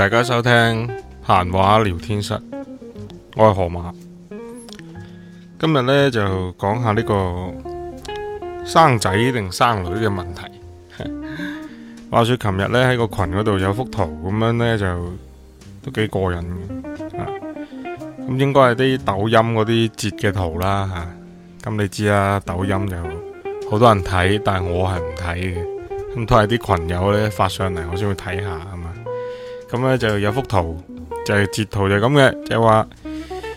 大家收聽閒話聊天室，我係河馬。今日呢，就講下呢、呢個生仔定生女嘅問題。呵呵，話說琴日呢，喺個群嗰度有幅圖咁樣呢，就都幾過癮嘅，咁、啊、應該係啲抖音嗰啲截嘅圖啦吓。咁、啊、你知啦，抖音就好多人睇，但係我係唔睇嘅，咁都係啲群友呢，發上嚟我先會睇下咁咧就有幅圖，就係截圖就咁嘅，就係話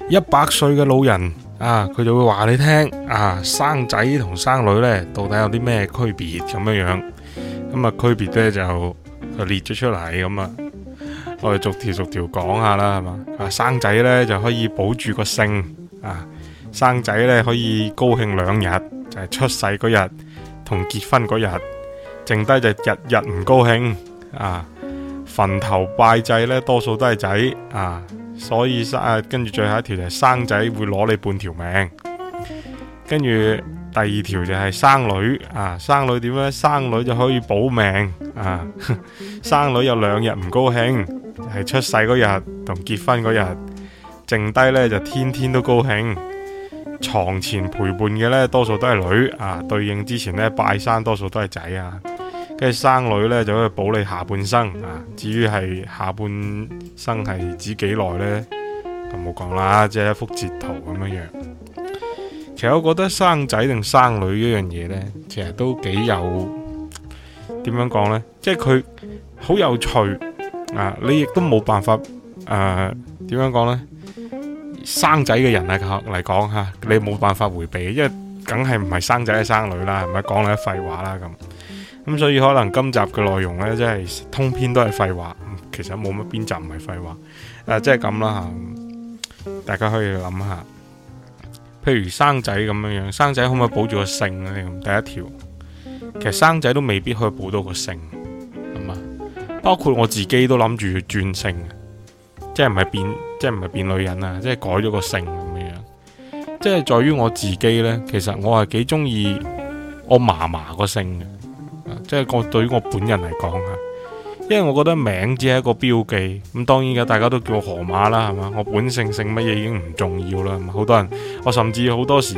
一百歲嘅老人啊，佢就會話你聽啊，生仔同生女呢，到底有啲咩區別咁樣樣？咁啊區別咧就佢列咗出嚟咁啊，我哋逐條逐條講下啦，係嘛？啊，生仔呢就可以保住個性啊，生仔呢可以高興兩日，就係出世嗰日同結婚嗰日，剩低就日日唔高興啊。墳頭拜祭咧，多數都係仔啊，所以生啊跟住，最後一條就係生仔會攞你半條命，跟住第二條就係生女啊，生女點樣？生女就可以保命啊，生女有兩日唔高興，係、就是、出世嗰日同結婚嗰日，剩低呢就天天都高興，床前陪伴嘅呢，多數都係女啊，對應之前呢，拜山多數都係仔啊。即係生女呢，就可以保你下半生啊！至於係下半生係指幾耐呢，咁冇講啦，即係一幅截圖咁樣樣。其實我覺得生仔定生女呢樣嘢呢，其實都幾有點樣講呢？即係佢好有趣啊！你亦都冇辦法誒，呃、點樣講呢？生仔嘅人啊，嚟講吓，你冇辦法回避，因為梗係唔係生仔係生女啦，係咪講你一廢話啦咁？咁所以可能今集嘅內容呢，真係通篇都係廢話。其實冇乜邊集唔係廢話，誒、啊，即係咁啦吓，大家可以諗下。譬如生仔咁樣樣，生仔可唔可以保住個姓呢？咁第一條，其實生仔都未必可以保到個姓，係嘛？包括我自己都諗住要轉姓，即係唔係變，即係唔係變女人啊？即係改咗個姓咁樣樣。即係在於我自己呢，其實我係幾中意我嫲嫲個姓嘅。即係我對於我本人嚟講啊，因為我覺得名字只係一個標記，咁當然噶大家都叫我河馬啦，係嘛？我本姓姓姓乜嘢已經唔重要啦，好多人，我甚至好多時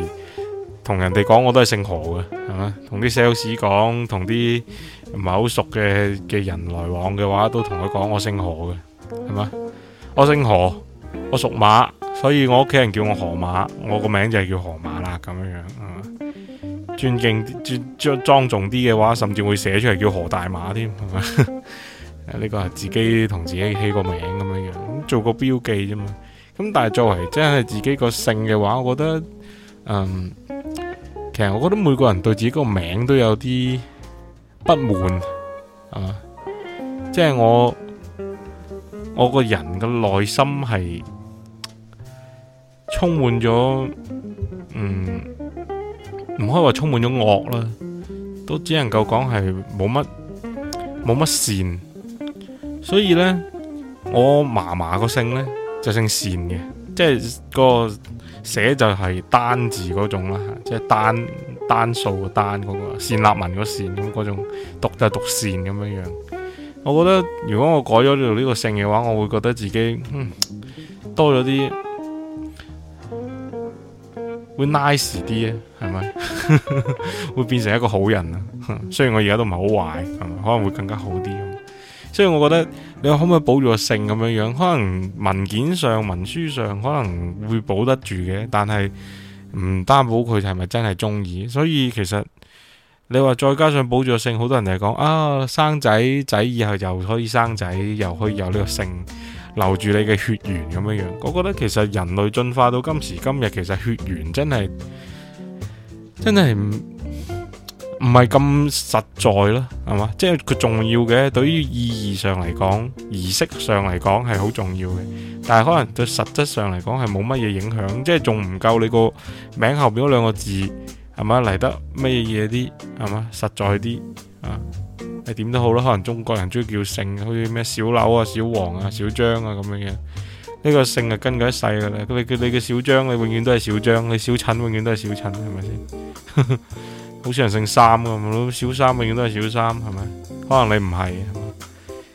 同人哋講我都係姓何嘅，係嘛？同啲 sales 講，同啲唔係好熟嘅嘅人來往嘅話，都同佢講我姓何嘅，係嘛？我姓何，我屬馬，所以我屋企人叫我河馬，我個名就係叫河馬啦，咁樣樣啊尊敬、尊莊重啲嘅話，甚至會寫出嚟叫何大馬添，係嘛？呢個係自己同自己起個名咁樣樣，做個標記啫嘛。咁但係作為真係自己個姓嘅話，我覺得，嗯，其實我覺得每個人對自己個名都有啲不滿啊，即係、就是、我我個人嘅內心係充滿咗，嗯。唔可以話充滿咗惡啦，都只能夠講係冇乜冇乜善，所以呢，我嫲嫲個姓呢，就姓善嘅，即係個寫就係單字嗰種啦，即係單單數單嗰個善立文嗰善咁嗰種讀就係讀善咁樣樣。我覺得如果我改咗做呢個姓嘅話，我會覺得自己、嗯、多咗啲。會 nice 啲啊，係咪？ 會變成一個好人啊？雖然我而家都唔係好壞，係咪？可能會更加好啲。所以我覺得你可唔可以保住個姓咁樣樣？可能文件上、文書上可能會保得住嘅，但係唔擔保佢係咪真係中意。所以其實你話再加上保住個姓，好多人嚟講啊，生仔仔以後又可以生仔，又可以有呢個姓。」留住你嘅血緣咁樣樣，我覺得其實人類進化到今時今日，其實血緣真係真係唔唔係咁實在囉，係嘛？即係佢重要嘅，對於意義上嚟講，儀式上嚟講係好重要嘅，但係可能對實質上嚟講係冇乜嘢影響，即係仲唔夠你個名後邊嗰兩個字，係嘛？嚟得咩嘢啲，係嘛？實在啲啊！係點都好啦，可能中國人中意叫姓，好似咩小劉啊、小王啊、小張啊咁樣嘅。呢、這個姓係跟佢一世噶啦，佢你你嘅小張，你永遠都係小張；你小陳永遠都係小陳，係咪先？ 好少人姓三噶，小三永遠都係小三，係咪？可能你唔係，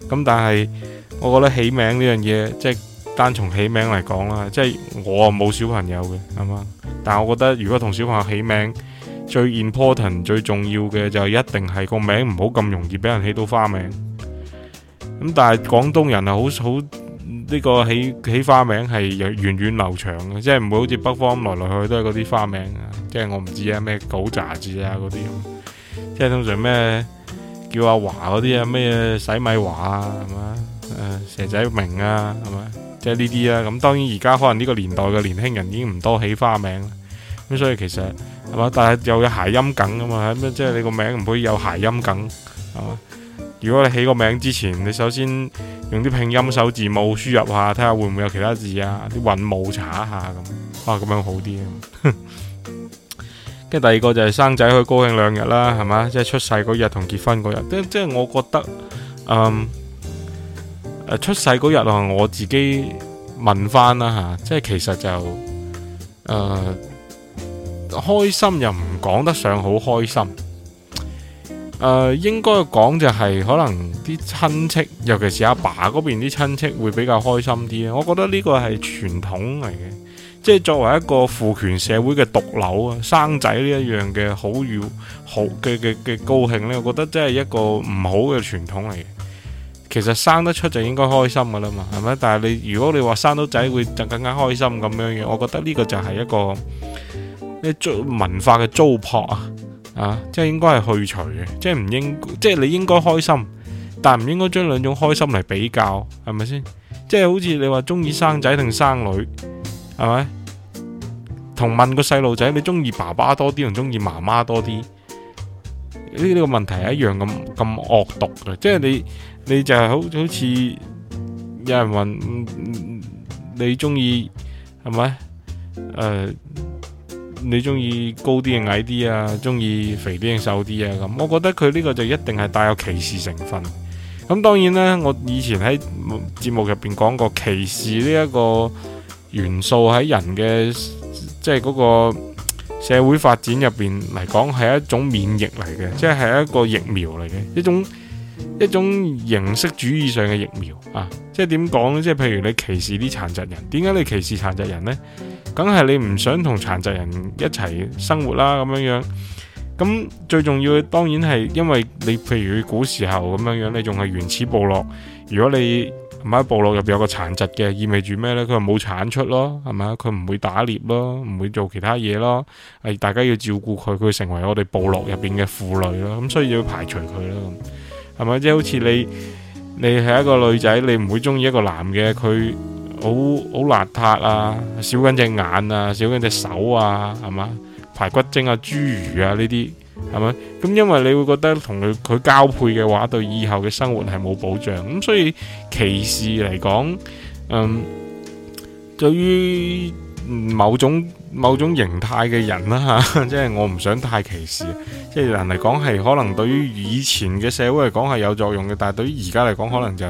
咁但係我覺得起名呢樣嘢，即係單從起名嚟講啦，即係我啊冇小朋友嘅，係嘛？但係我覺得如果同小朋友起名，最 important 最重要嘅就一定係個名唔好咁容易俾人起到花名。咁但係廣東人係好好呢個起起花名係源遠流長嘅，即係唔會好似北方來來去去都係嗰啲花名啊。即係我唔知啊，咩狗雜誌啊嗰啲，即係通常咩叫阿華嗰啲啊，咩洗米華啊，係嘛誒蛇仔明啊，係嘛即係呢啲啊。咁當然而家可能呢個年代嘅年輕人已經唔多起花名，咁所以其實。係嘛？但係又有諧音梗噶嘛？咩？即係你個名唔可以有諧音梗，係嘛？如果你起個名之前，你首先用啲拼音首字母輸入下，睇下會唔會有其他字啊？啲韻母查一下咁，哇，咁樣好啲。跟住第二個就係生仔去高興兩日啦，係嘛？即係出世嗰日同結婚嗰日，即即係我覺得，誒、嗯，出世嗰日啊，我自己問翻啦吓，即係其實就誒。呃開心又唔講得上好開心，誒、呃，應該講就係可能啲親戚，尤其是阿爸嗰邊啲親戚會比較開心啲啊。我覺得呢個係傳統嚟嘅，即係作為一個父權社會嘅毒瘤啊，生仔呢一樣嘅好要好嘅嘅嘅高興咧，我覺得真係一個唔好嘅傳統嚟嘅。其實生得出就應該開心噶啦嘛，係咪？但係你如果你話生到仔會就更加開心咁樣嘅，我覺得呢個就係一個。文化嘅糟粕啊，啊，即係應該係去除嘅，即係唔應該，即係你應該開心，但唔應該將兩種開心嚟比較，係咪先？即係好似你話中意生仔定生女，係咪？同問個細路仔，你中意爸爸多啲定中意媽媽多啲？呢、呢、呢個問題係一樣咁咁惡毒嘅，即係你你就係好好似有人問你中意係咪誒？你中意高啲定矮啲啊？中意肥啲定瘦啲啊？咁，我覺得佢呢個就一定係帶有歧視成分。咁當然啦，我以前喺節目入邊講過，歧視呢一個元素喺人嘅，即係嗰個社會發展入邊嚟講係一種免疫嚟嘅，即係係一個疫苗嚟嘅，一種一種形式主義上嘅疫苗啊！即係點講咧？即係譬如你歧視啲殘疾人，點解你歧視殘疾人呢？梗係你唔想同殘疾人一齊生活啦，咁樣樣。咁最重要當然係，因為你譬如古時候咁樣樣，你仲係原始部落。如果你唔喺部落入邊有個殘疾嘅，意味住咩呢？佢冇產出咯，係咪？佢唔會打獵咯，唔會做其他嘢咯。係大家要照顧佢，佢成為我哋部落入邊嘅婦女咯。咁所以要排除佢囉。係咪？即係好似你，你係一個女仔，你唔會中意一個男嘅佢。好好好邋遢啊，少緊隻眼啊，少緊隻手啊，係嘛？排骨精啊，侏儒啊呢啲，係咪？咁因為你會覺得同佢佢交配嘅話，對以後嘅生活係冇保障，咁所以歧視嚟講，嗯，對於某種某種形態嘅人啦、啊、吓，即係、就是、我唔想太歧視，即、就、係、是、人嚟講係可能對於以前嘅社會嚟講係有作用嘅，但係對於而家嚟講可能就。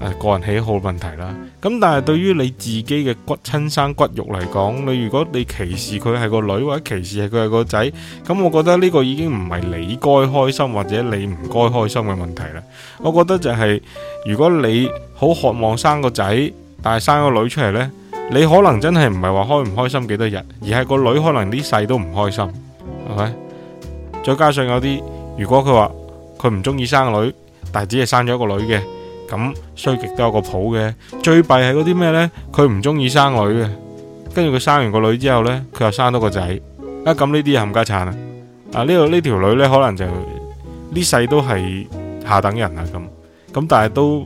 誒，個人喜好問題啦。咁但係對於你自己嘅骨親生骨肉嚟講，你如果你歧視佢係個女，或者歧視係佢係個仔，咁我覺得呢個已經唔係你該開心或者你唔該開心嘅問題啦。我覺得就係，如果你好渴望生個仔，但係生個女出嚟呢，你可能真係唔係話開唔開心幾多日，而係個女可能呢世都唔開心，係咪？再加上有啲如果佢話佢唔中意生女，但係只係生咗一個女嘅。咁衰極都有個譜嘅，最弊係嗰啲咩呢？佢唔中意生女嘅，跟住佢生完個女之後呢，佢又生多個仔，一咁呢啲又冚家鏟啊！這這些啊呢度呢條女呢，可能就呢世都係下等人啦咁，咁但係都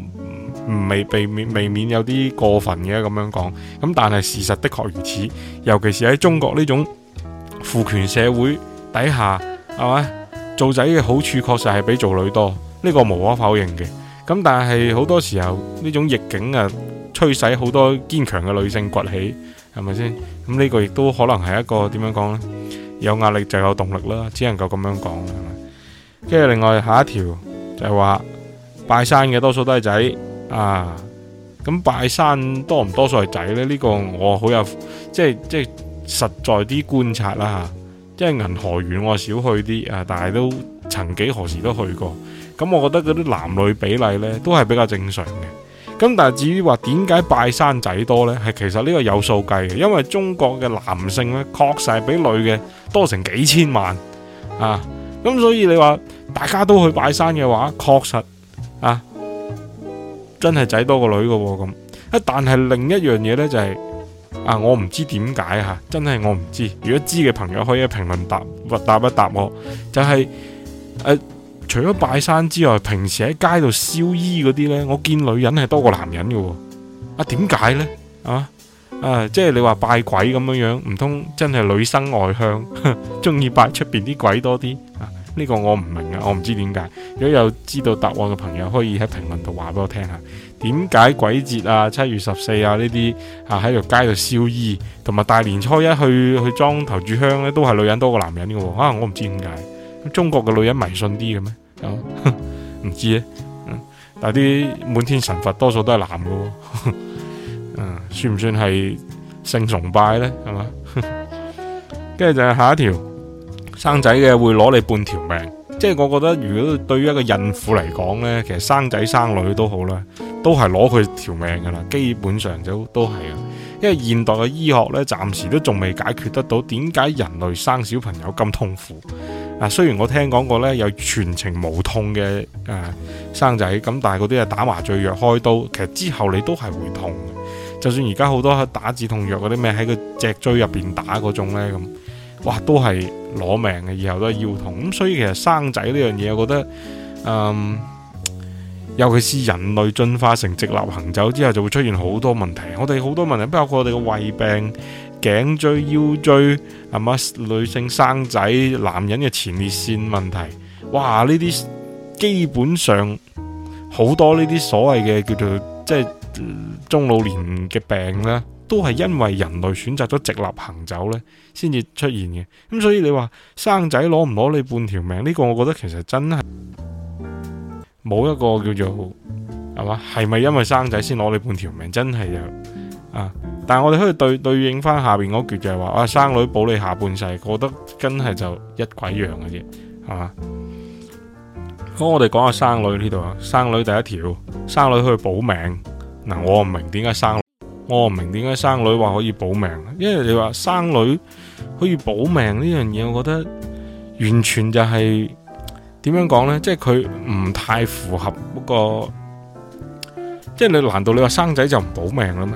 唔未避免未免有啲過分嘅咁樣講，咁但係事實的確如此，尤其是喺中國呢種父權社會底下，係嘛做仔嘅好處確實係比做女多，呢、這個無可否認嘅。咁但係好多時候呢種逆境啊，驅使好多堅強嘅女性崛起，係咪先？咁呢個亦都可能係一個點樣講呢？有壓力就有動力啦，只能夠咁樣講，係咪？跟住另外下一條就係話拜山嘅多數都係仔啊，咁拜山多唔多數係仔呢？呢個我好有即係即係實在啲觀察啦吓，即係銀河園我少去啲啊，但係都。曾幾何時都去過，咁我覺得嗰啲男女比例呢都係比較正常嘅。咁但係至於話點解拜山仔多呢？係其實呢個有數計嘅，因為中國嘅男性呢確實係比女嘅多成幾千萬啊。咁所以你話大家都去拜山嘅話，確實啊，真係仔多個女嘅咁。啊，但係另一樣嘢呢，就係、是、啊，我唔知點解吓，真係我唔知。如果知嘅朋友可以喺評論答或答一答我，就係、是。啊、除咗拜山之外，平時喺街度燒衣嗰啲呢，我見女人係多過男人嘅，哦。啊，點解呢？啊，啊即係你話拜鬼咁樣樣，唔通真係女生外向，中意拜出邊啲鬼多啲？呢，啊呢個我唔明啊，我唔知點解。如果有知道答案嘅朋友，可以喺評論度話俾我聽下，點解鬼節啊、七月十四啊呢啲啊喺條街度燒衣，同埋大年初一去去裝頭柱香呢，都係女人多過男人嘅，哦。啊，我唔知點解。中國嘅女人迷信啲嘅咩？唔知啊。但係啲滿天神佛多數都係男嘅，算唔算係性崇拜呢？係嘛？跟住就係下一條，生仔嘅會攞你半條命，即係我覺得如果對於一個孕婦嚟講呢，其實生仔生女都好啦，都係攞佢條命噶啦，基本上就都係啊。因為現代嘅醫學呢，暫時都仲未解決得到點解人類生小朋友咁痛苦。啊，雖然我聽講過咧有全程無痛嘅誒、呃、生仔，咁但係嗰啲係打麻醉藥開刀，其實之後你都係會痛。就算而家好多打止痛藥嗰啲咩喺個脊椎入邊打嗰種咧，咁哇都係攞命嘅，以後都係腰痛。咁所以其實生仔呢樣嘢，我覺得、嗯、尤其是人類進化成直立行走之後，就會出現好多問題。我哋好多問題包括我哋嘅胃病。頸椎、腰椎，係嘛？女性生仔，男人嘅前列腺問題，哇！呢啲基本上好多呢啲所謂嘅叫做即係中老年嘅病咧，都係因為人類選擇咗直立行走咧，先至出現嘅。咁所以你話生仔攞唔攞你半條命？呢個我覺得其實真係冇一個叫做係嘛？係咪因為生仔先攞你半條命？真係有？啊！但係我哋可以對對應翻下邊嗰句就係話啊，生女保你下半世，我覺得真係就一鬼樣嘅啫，係嘛？好，我哋講下生女呢度啊，生女第一條，生女可以保命。嗱、啊，我唔明點解生，我唔明點解生女話可以保命，因為你話生女可以保命呢樣嘢，我覺得完全就係、是、點樣講呢？即係佢唔太符合嗰、那個，即、就、係、是、你難道你話生仔就唔保命啦咩？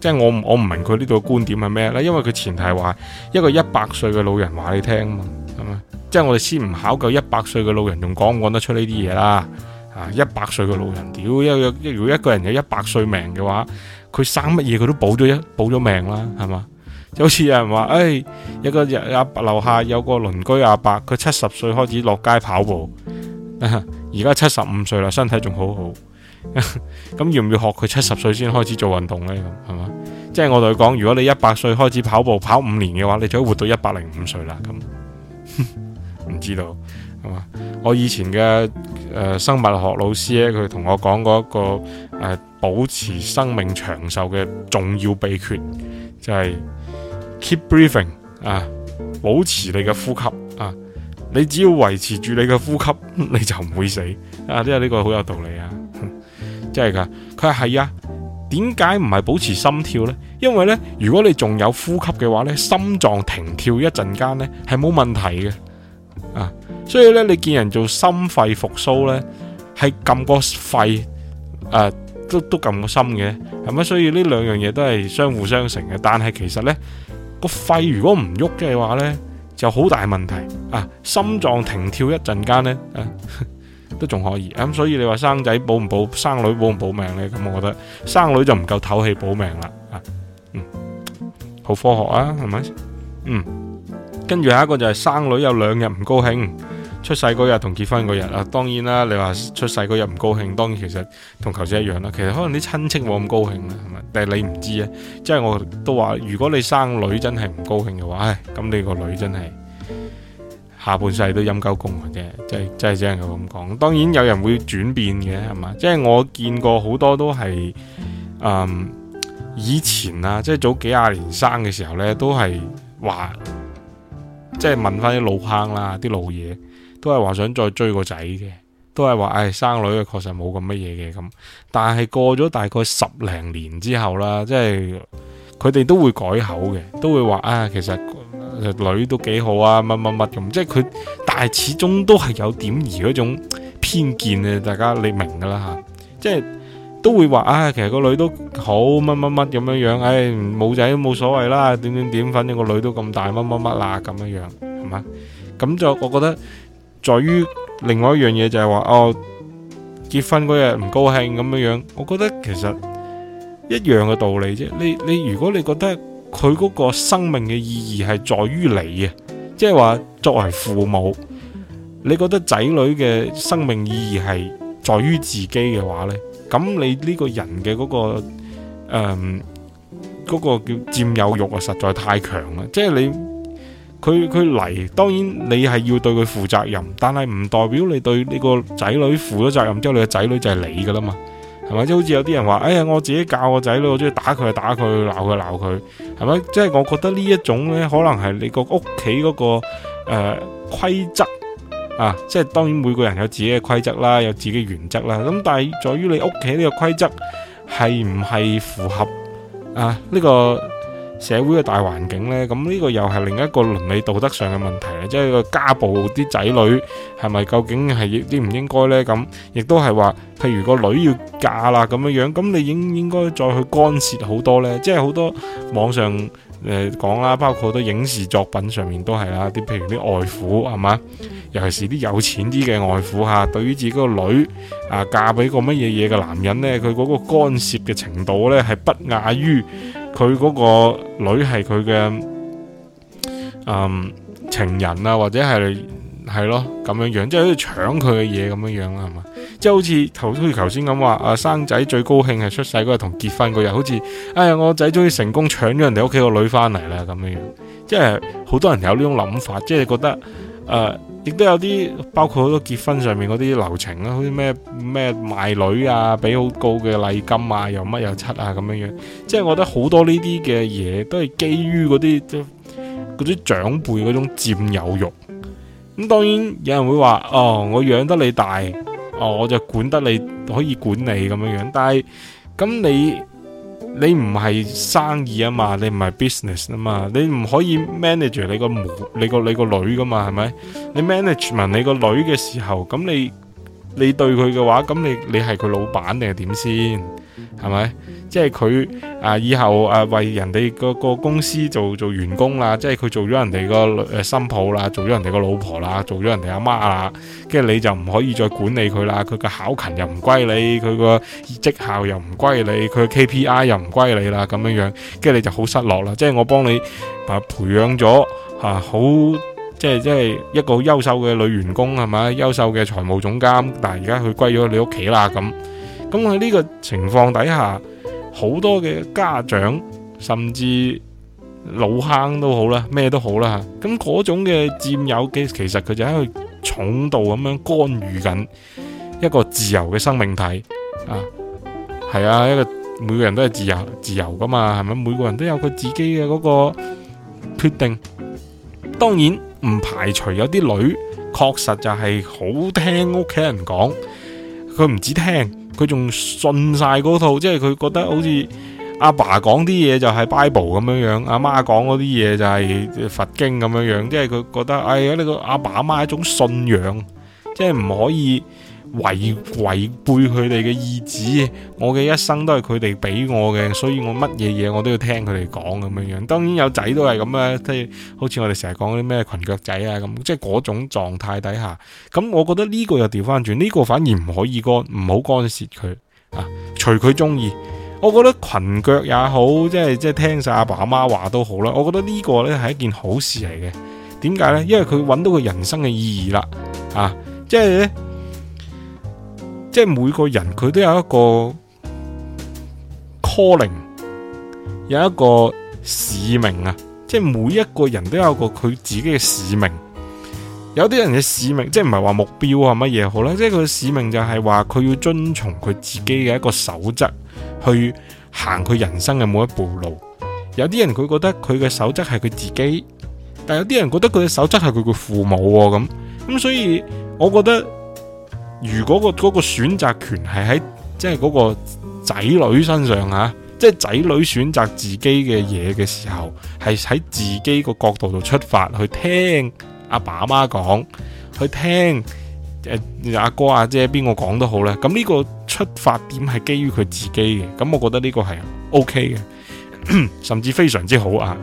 即係我我唔明佢呢度嘅觀點係咩咧？因為佢前提話一個一百歲嘅老人話你聽啊嘛，係嘛，即係我哋先唔考究一百歲嘅老人仲講唔講得出呢啲嘢啦啊！一百歲嘅老人，屌一如果一個人有一百歲命嘅話，佢生乜嘢佢都保咗一保咗命啦，係嘛？就好似有人話，誒、哎，有個阿樓下有個鄰居阿伯，佢七十歲開始落街跑步，而家七十五歲啦，身體仲好好。咁 要唔要學佢七十歲先開始做運動呢？咁係嘛，即係我同佢講，如果你一百歲開始跑步跑五年嘅話，你就可以活到一百零五歲啦。咁唔 知道係嘛？我以前嘅誒、呃、生物學老師咧，佢同我講過一個誒、呃、保持生命長壽嘅重要秘訣就係、是、keep breathing 啊，保持你嘅呼吸啊。你只要維持住你嘅呼吸，你就唔會死啊。呢個、呢個好有道理啊。真係噶，佢話係啊。點解唔係保持心跳呢？因為呢，如果你仲有呼吸嘅話呢，心臟停跳一陣間呢係冇問題嘅啊。所以呢，你見人做心肺復蘇呢，係撳個肺，啊、都都撳個心嘅，係咪？所以呢兩樣嘢都係相互相成嘅。但係其實呢，個肺如果唔喐嘅話呢，就好大問題啊。心臟停跳一陣間呢。啊都仲可以咁、嗯，所以你話生仔保唔保，生女保唔保命呢？咁我覺得生女就唔夠透氣保命啦，啊、嗯，好科學啊，係咪？嗯，跟住下一個就係生女有兩日唔高興，出世嗰日同結婚嗰日啊，當然啦，你話出世嗰日唔高興，當然其實同頭先一樣啦。其實可能啲親戚冇咁高興啦，係咪？但係你唔知啊，即係我都話，如果你生女真係唔高興嘅話，唉，咁你個女真係。下半世都陰溝公嘅啫，即係即係只能夠咁講。當然有人會轉變嘅，係嘛？即係我見過好多都係，嗯，以前啊，即係早幾廿年生嘅時候呢，都係話，即係問翻啲老坑啦、啲老嘢，都係話想再追個仔嘅，都係話，唉，生女嘅確實冇咁乜嘢嘅咁。但係過咗大概十零年之後啦，即係佢哋都會改口嘅，都會話啊，其實。女都幾好啊，乜乜乜咁，即係佢，但係始終都係有點兒嗰種偏見啊！大家你明噶啦吓，即係都會話啊、哎，其實個女都好乜乜乜咁樣樣，誒，冇仔都冇所謂啦，點點點，反正個女都咁大乜乜乜啦，咁樣樣係嘛？咁就我覺得在於另外一樣嘢就係話哦，結婚嗰日唔高興咁樣樣，我覺得其實一樣嘅道理啫。你你如果你覺得，佢嗰個生命嘅意義係在於你嘅，即係話作為父母，你覺得仔女嘅生命意義係在於自己嘅話呢？咁你呢個人嘅嗰個、嗰個、嗯嗰個叫佔有欲啊實在太強啦，即、就、係、是、你佢佢嚟，當然你係要對佢負責任，但係唔代表你對呢個仔女負咗責任之後，就是、你嘅仔女就係你噶啦嘛，係咪？即、就是、好似有啲人話，哎呀我自己教我仔女，我中意打佢打佢，鬧佢鬧佢。係咪？即係我覺得呢一種咧，可能係你個屋企嗰個誒規則啊，即係當然每個人有自己嘅規則啦，有自己原則啦。咁但係在於你屋企呢個規則係唔係符合啊呢個？社會嘅大環境呢，咁呢個又係另一個倫理道德上嘅問題啊！即係個家暴啲仔女係咪究竟係應唔應該呢？咁亦都係話，譬如個女要嫁啦咁樣樣，咁你應唔應該再去干涉好多呢。即係好多網上誒講啦，包括好多影視作品上面都係啦，啲譬如啲外父係嘛，尤其是啲有錢啲嘅外父嚇，對於自己個女啊嫁俾個乜嘢嘢嘅男人呢，佢嗰個干涉嘅程度呢，係不亞於。佢嗰個女係佢嘅嗯情人啊，或者係係咯咁樣樣，即係好似搶佢嘅嘢咁樣樣啦，係嘛，即係好似頭好似頭先咁話，阿、啊、生仔最高興係出世嗰日同結婚嗰日，好似哎呀我仔終於成功搶咗人哋屋企個女翻嚟啦咁樣樣，即係好多人有呢種諗法，即係覺得誒。呃亦都有啲，包括好多結婚上面嗰啲流程啦，好似咩咩賣女啊，俾好高嘅禮金啊，又乜又七啊咁樣樣。即係我覺得好多呢啲嘅嘢都係基於嗰啲，即係嗰啲長輩嗰種佔有欲。咁當然有人會話：哦，我養得你大，哦，我就管得你，可以管你咁樣樣。但係咁你。你唔係生意啊嘛，你唔係 business 啊嘛，你唔可以 manage 你個母、你個你個女噶嘛，係咪？你 management 你個女嘅時候，咁你你對佢嘅話，咁你你係佢老闆定係點先，係咪？即係佢啊，以後啊，為人哋個個公司做做員工啦，即係佢做咗人哋個誒新抱啦，做咗人哋個老婆啦，做咗人哋阿媽啦，跟住你就唔可以再管理佢啦，佢個考勤又唔歸你，佢個績效又唔歸你，佢 KPI 又唔歸你啦，咁樣樣，跟住你就好失落啦。即係我幫你培養啊培養咗啊好，即係即係一個優秀嘅女員工係咪優秀嘅財務總監，但係而家佢歸咗你屋企啦，咁咁喺呢個情況底下。好多嘅家長，甚至老坑都好啦，咩都好啦。咁嗰種嘅佔有嘅，其實佢就喺度重度咁樣干預緊一個自由嘅生命體啊。係啊，一個每個人都係自由，自由噶嘛，係咪？每個人都有佢自己嘅嗰個決定。當然唔排除有啲女確實就係好聽屋企人講，佢唔止聽。佢仲信晒嗰套，即係佢覺得好似阿爸講啲嘢就係《Bible》咁樣樣，阿媽講嗰啲嘢就係佛經咁樣樣，即係佢覺得，哎呀呢個阿爸阿媽係一種信仰，即係唔可以，違違背佢哋嘅意志，我嘅一生都係佢哋俾我嘅，所以我乜嘢嘢我都要聽佢哋講咁樣樣。當然有仔都係咁啊，即係好似我哋成日講啲咩裙腳仔啊咁，即係嗰種狀態底下，咁我覺得呢個又調翻轉，呢、呢個反而唔可以干唔好干涉佢啊，除佢中意。我覺得裙腳也好，即係即係聽晒阿爸阿媽話都好啦。我覺得呢個呢係一件好事嚟嘅，點解呢？因為佢揾到佢人生嘅意義啦，啊，即係咧。即係每個人佢都有一個 calling，有一個使命啊！即係每一個人都有個佢自己嘅使命。有啲人嘅使命即係唔係話目標啊乜嘢好啦，即係佢嘅使命就係話佢要遵從佢自己嘅一個守則去行佢人生嘅每一步路。有啲人佢覺得佢嘅守則係佢自己，但有啲人覺得佢嘅守則係佢嘅父母咁、啊、咁，所以我覺得。如果個嗰個選擇權係喺即係嗰個仔女身上啊，即係仔女選擇自己嘅嘢嘅時候，係喺自己個角度度出發去聽阿爸阿媽講，去聽呃、阿哥阿姐邊個講都好啦。咁呢個出發點係基於佢自己嘅，咁我覺得呢個係 OK 嘅，甚至非常之好啊。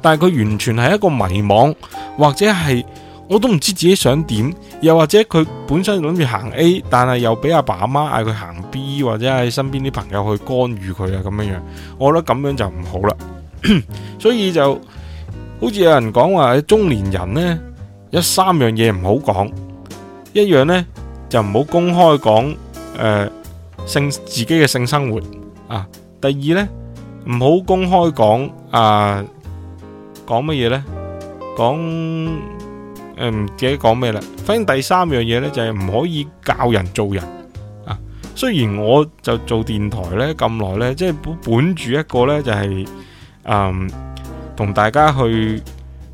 但係佢完全係一個迷茫或者係。我都唔知自己想點，又或者佢本身諗住行 A，但係又俾阿爸阿媽嗌佢行 B，或者係身邊啲朋友去干預佢啊咁樣樣，我覺得咁樣就唔好啦。 所以就好似有人講話，中年人呢，有三樣嘢唔好講，一樣呢，就唔好公開講誒、呃、性自己嘅性生活啊。第二呢，唔好公開講啊講乜嘢呢？講。嗯，唔記得講咩啦？反正第三樣嘢呢，就係、是、唔可以教人做人啊。雖然我就做電台呢咁耐呢，即係本住一個呢，就係、是，同、嗯、大家去。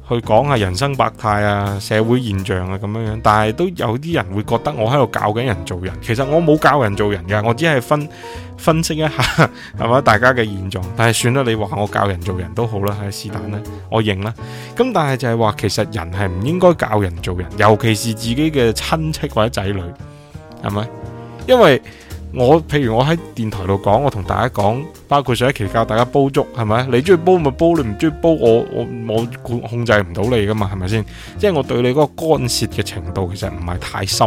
去講下人生百態啊，社會現象啊咁樣樣，但係都有啲人會覺得我喺度教緊人做人，其實我冇教人做人㗎，我只係分分析一下係咪， 大家嘅現狀，但係算啦，你話我教人做人都好啦，是但啦，我認啦，咁但係就係話，其實人係唔應該教人做人，尤其是自己嘅親戚或者仔女，係咪？因為我譬如我喺電台度講，我同大家講，包括上一期教大家煲粥，係咪？你中意煲咪煲，你唔中意煲，我我控制唔到你噶嘛？係咪先？即係我對你嗰個干涉嘅程度，其實唔係太深。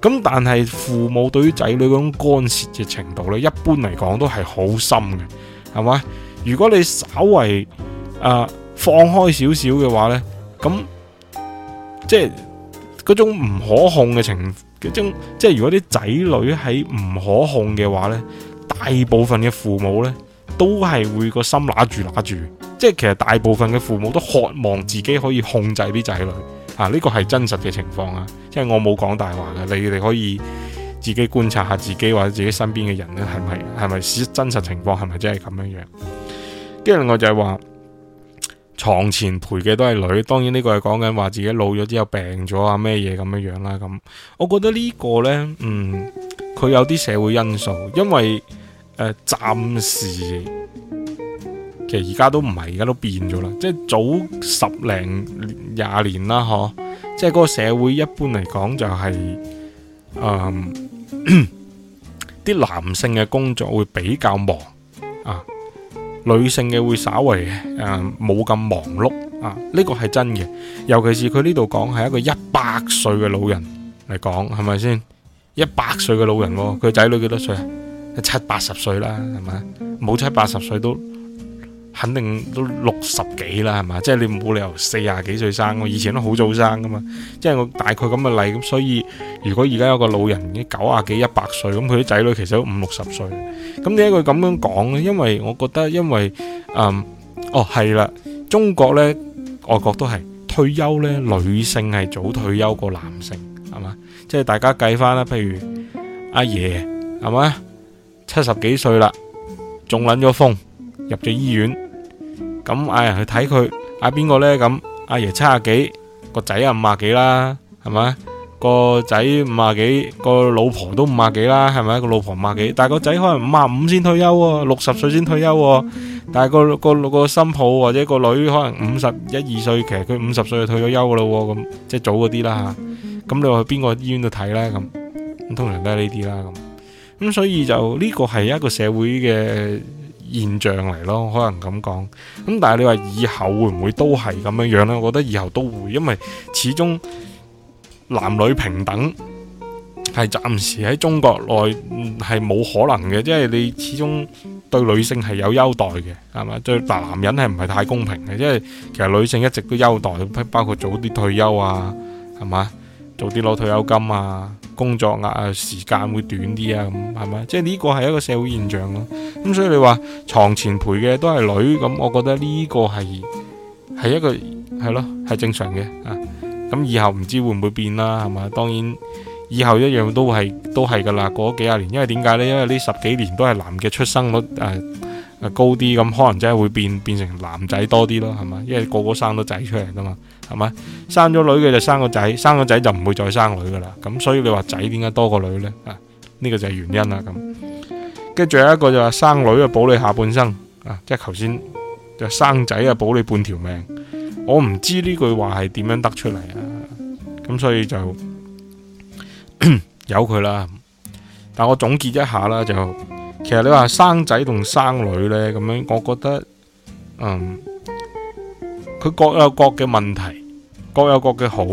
咁但係父母對於仔女嗰種干涉嘅程度呢，一般嚟講都係好深嘅，係咪？如果你稍微啊、呃、放開少少嘅話呢，咁即係嗰種唔可控嘅情。即係如果啲仔女喺唔可控嘅話呢，大部分嘅父母呢都係會個心揦住揦住，即係其實大部分嘅父母都渴望自己可以控制啲仔女，啊呢個係真實嘅情況啊，即係我冇講大話嘅，你哋可以自己觀察下自己或者自己身邊嘅人呢，係咪係咪真實情況？係咪真係咁樣樣？跟住另外就係話。床前陪嘅都係女，當然呢個係講緊話自己老咗之後病咗啊咩嘢咁樣樣啦咁，我覺得呢個呢，嗯，佢有啲社會因素，因為誒暫時其實而家都唔係，而家都變咗啦，即係早十零廿年啦嗬，即係嗰個社會一般嚟講就係誒，啲男性嘅工作會比較忙啊。女性嘅會稍為誒冇咁忙碌啊，呢個係真嘅，尤其是佢呢度講係一個一百歲嘅老人嚟講，係咪先？一百歲嘅老人喎。哦，佢仔女幾多歲啊？七八十歲啦，係咪？冇七八十歲都。肯定都六十幾啦，係嘛？即係你冇理由四廿幾歲生，我以前都好早生噶嘛。即係我大概咁嘅例，咁所以如果而家有個老人嘅九啊幾、一百歲，咁佢啲仔女其實都五六十歲。咁點解佢咁樣講呢，因為我覺得因為，嗯，哦係啦，中國呢，外國都係退休呢，女性係早退休過男性，係嘛？即係大家計翻啦，譬如阿爺係嘛，七十幾歲啦，仲揾咗風入咗醫院。咁嗌人去睇佢，嗌邊個咧？咁阿爺七廿幾，個仔啊五廿幾啦，係咪？個仔五廿幾，個老婆都五廿幾啦，係咪？個老婆五廿幾，但係個仔可能五廿五先退休，六十歲先退休。但係個個個新抱或者個女可能五十一二歲，其實佢五十歲就退咗休噶啦，咁即係早嗰啲啦吓。咁你話去邊個醫院度睇咧？咁咁通常都係呢啲啦。咁咁所以就呢個係一個社會嘅。現象嚟咯，可能咁講。咁但係你話以後會唔會都係咁樣樣呢？我覺得以後都會，因為始終男女平等係暫時喺中國內係冇可能嘅，即係你始終對女性係有優待嘅，係嘛？對男人係唔係太公平嘅？因為其實女性一直都優待，包括早啲退休啊，係嘛？做啲攞退休金啊，工作啊，時間會短啲啊，咁係咪？即係呢個係一個社會現象咯，啊。咁所以你話床前陪嘅都係女，咁我覺得呢個係係一個係咯，係正常嘅啊。咁以後唔知會唔會變啦，係嘛？當然以後一樣都係都係噶啦。過咗幾廿年，因為點解呢？因為呢十幾年都係男嘅出生率，呃、高啲，咁可能真係會變，變成男仔多啲咯，係嘛？因為個個生都仔出嚟噶嘛。係嘛？生咗女嘅就生個仔，生個仔就唔會再生女噶啦。咁所以你話仔點解多過女呢？啊，呢個就係原因啦。咁，跟住仲有一個就話生女啊，保你下半生啊。即係頭先就生仔啊，保你半條命。我唔知呢句話係點樣得出嚟啊。咁所以就由佢啦。但我總結一下啦，就其實你話生仔同生女呢，咁樣，我覺得嗯。佢各有各嘅問題，各有各嘅好，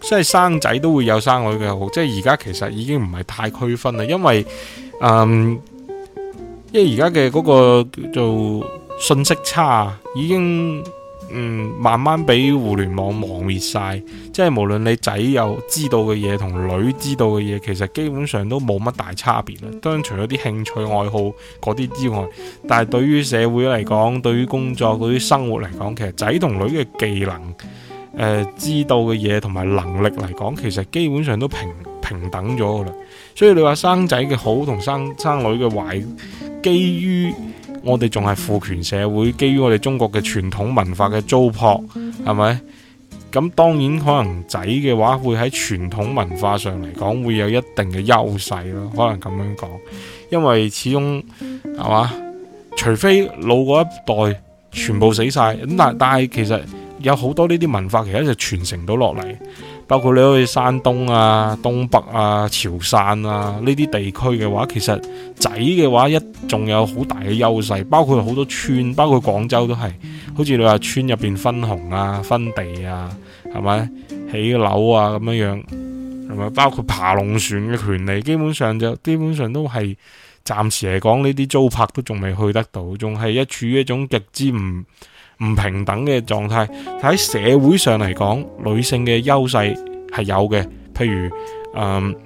即係生仔都會有生女嘅好，即係而家其實已經唔係太區分啦，因為嗯，因為而家嘅嗰個叫做信息差，已經。嗯，慢慢俾互聯網磨滅晒，即係無論你仔有知道嘅嘢同女知道嘅嘢，其實基本上都冇乜大差別啦。當然，除咗啲興趣愛好嗰啲之外，但係對於社會嚟講，對於工作嗰啲生活嚟講，其實仔同女嘅技能、誒、呃、知道嘅嘢同埋能力嚟講，其實基本上都平平等咗㗎喇。所以你話生仔嘅好同生生女嘅壞，基於。我哋仲係父權社會，基於我哋中國嘅傳統文化嘅糟粕，係咪？咁當然可能仔嘅話，會喺傳統文化上嚟講，會有一定嘅優勢咯。可能咁樣講，因為始終係嘛，除非老嗰一代全部死晒，咁，但但係其實有好多呢啲文化其實就傳承到落嚟。包括你可以去山東啊、東北啊、潮汕啊呢啲地區嘅話，其實仔嘅話一仲有好大嘅優勢，包括好多村，包括廣州都係，好似你話村入面分紅啊、分地啊，係咪起樓啊咁樣樣，係咪？包括爬龍船嘅權利，基本上就基本上都係暫時嚟講呢啲租拍都仲未去得到，仲係一處於一種極之唔唔平等嘅狀態，喺社會上嚟講，女性嘅優勢係有嘅。譬如，誒、嗯、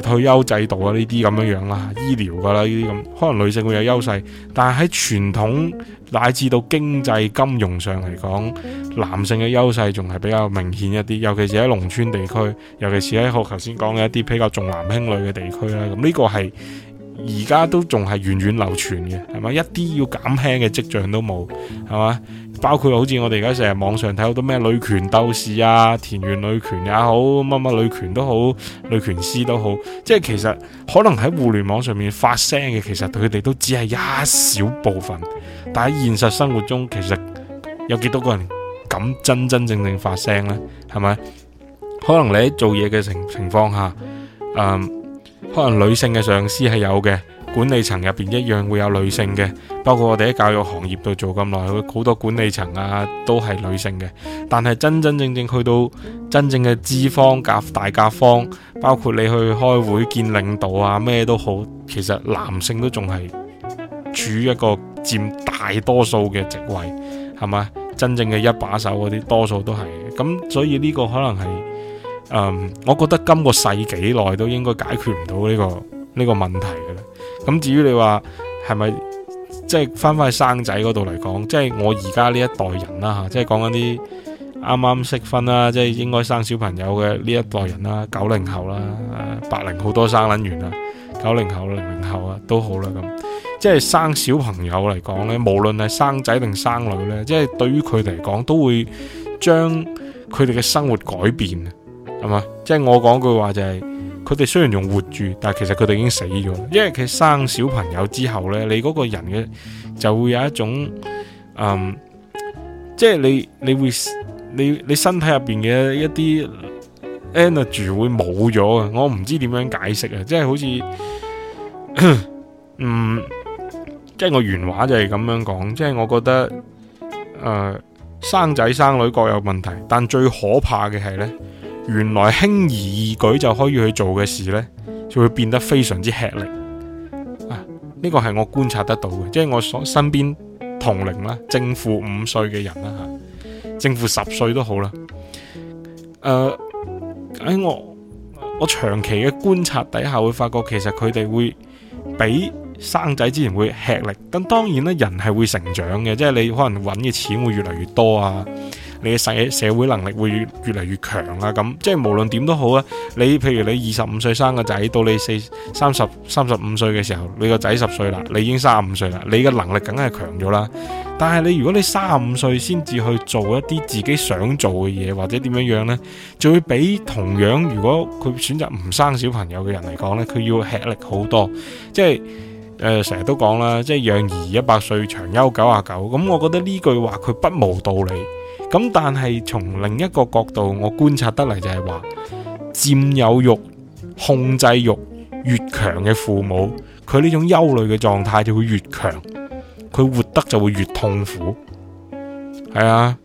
退休制度啊呢啲咁樣樣啦，醫療噶啦呢啲咁，可能女性會有優勢。但係喺傳統乃至到經濟金融上嚟講，男性嘅優勢仲係比較明顯一啲。尤其是喺農村地區，尤其是喺我頭先講嘅一啲比較重男輕女嘅地區啦。咁、嗯、呢、呢個係。而家都仲係源遠流傳嘅，係咪？一啲要減輕嘅跡象都冇，係嘛？包括好似我哋而家成日網上睇好多咩女權鬥士啊、田園女權也好、乜乜女權都好、女權師都好，即係其實可能喺互聯網上面發聲嘅，其實佢哋都只係一小部分。但係現實生活中，其實有幾多個人咁真真正正發聲呢？係咪？可能你喺做嘢嘅情情況下，嗯可能女性嘅上司係有嘅，管理層入邊一樣會有女性嘅。包括我哋喺教育行業度做咁耐，好多管理層啊都係女性嘅。但係真真正正去到真正嘅資方、甲大甲方，包括你去開會見領導啊，咩都好，其實男性都仲係處於一個佔大多數嘅職位，係嘛？真正嘅一把手嗰啲，多數都係。咁所以呢個可能係。嗯，um, 我覺得今個世紀內都應該解決唔到呢個呢個問題嘅啦。咁至於你話係咪即係翻翻去生仔嗰度嚟講，即係我而家呢一代人啦嚇，即係講緊啲啱啱識婚啦，即係應該生小朋友嘅呢一代人啦，九零後啦、八零好多生捻完啦，九零後、零零後啊都好啦。咁即係生小朋友嚟講咧，無論係生仔定生女呢，即係對於佢哋嚟講，都會將佢哋嘅生活改變係嘛，即係我講句話就係，佢哋雖然仲活住，但係其實佢哋已經死咗，因為佢生小朋友之後咧，你嗰個人嘅就會有一種，嗯，即係你你會你你身體入邊嘅一啲 energy 會冇咗啊！我唔知點樣解釋啊，即係好似，嗯，即係我原話就係咁樣講，即係我覺得，誒，生仔生女各有問題，但最可怕嘅係咧。原來輕而易舉就可以去做嘅事呢，就會變得非常之吃力。啊，呢、這個係我觀察得到嘅，即係我所身邊同齡啦，正負五歲嘅人啦吓，正負十歲都好啦。誒、啊，喺我我長期嘅觀察底下，會發覺其實佢哋會比生仔之前會吃力。咁當然啦，人係會成長嘅，即係你可能揾嘅錢會越嚟越多啊。你嘅社社會能力會越嚟越強啦，咁即係無論點都好啊。你譬如你二十五歲生個仔，到你四三十三十五歲嘅時候，你個仔十歲啦，你已經三十五歲啦，你嘅能力梗係強咗啦。但係你如果你三十五歲先至去做一啲自己想做嘅嘢，或者點樣樣呢，就會比同樣如果佢選擇唔生小朋友嘅人嚟講呢，佢要吃力好多。即係成日都講啦，即係養兒一百歲長憂九十九。咁我覺得呢句話佢不無道理。咁但係從另一個角度，我觀察得嚟，就係話，佔有欲、控制欲越強嘅父母，佢呢種憂慮嘅狀態就會越強，佢活得就會越痛苦。係啊，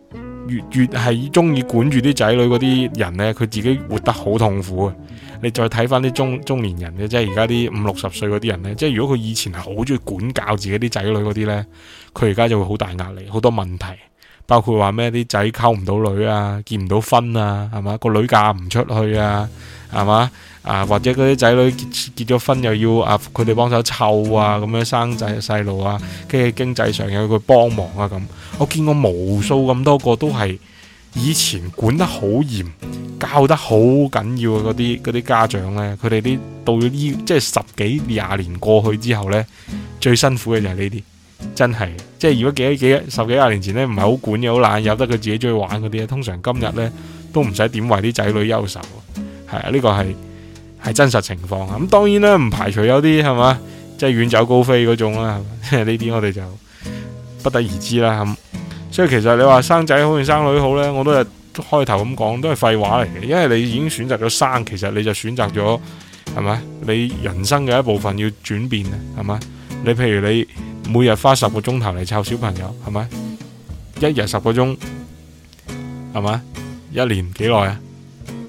越越係中意管住啲仔女嗰啲人呢，佢自己活得好痛苦啊！你再睇翻，啲中中年人，即係而家啲五六十歲嗰啲人呢，即係如果佢以前係好中意管教自己啲仔女嗰啲呢，佢而家就會好大壓力，好多問題。包括話咩啲仔溝唔到女啊，結唔到婚啊，係嘛，個女嫁唔出去啊，係嘛啊，或者嗰啲仔女結結咗婚又要啊佢哋幫手湊啊，咁樣生仔細路啊，跟住經濟上又要佢幫忙啊，咁我見過無數咁多個都係以前管得好嚴，教得好緊要嘅嗰啲嗰啲家長咧，佢哋啲到咗呢即係十幾廿年過去之後咧，最辛苦嘅就係呢啲。真係，即係如果幾幾十幾廿年前呢，唔係好管又好懶，由得佢自己中意玩嗰啲咧，通常今日呢，都唔使點為啲仔女憂愁，係啊，呢個係係真實情況咁、嗯、當然啦，唔排除有啲係嘛，即係遠走高飛嗰種啦，即係呢啲我哋就不得而知啦。咁所以其實你話生仔好定生女好呢，我都係開頭咁講都係廢話嚟嘅，因為你已經選擇咗生，其實你就選擇咗係咪？你人生嘅一部分要轉變啊，係嘛，你譬如你。每日花十個鐘頭嚟湊小朋友，係咪？一日十個鐘，係咪？一年幾耐啊？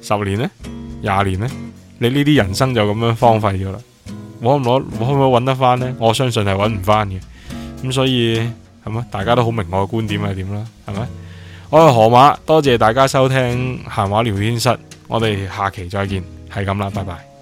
十年呢？廿年呢？你呢啲人生就咁樣荒廢咗啦！我唔攞，可唔可以搵得翻呢？我相信係揾唔翻嘅。咁所以係咪？大家都好明我嘅觀點係點啦，係咪？我係河馬，多謝大家收聽閒話聊天室，我哋下期再見，係咁啦，拜拜。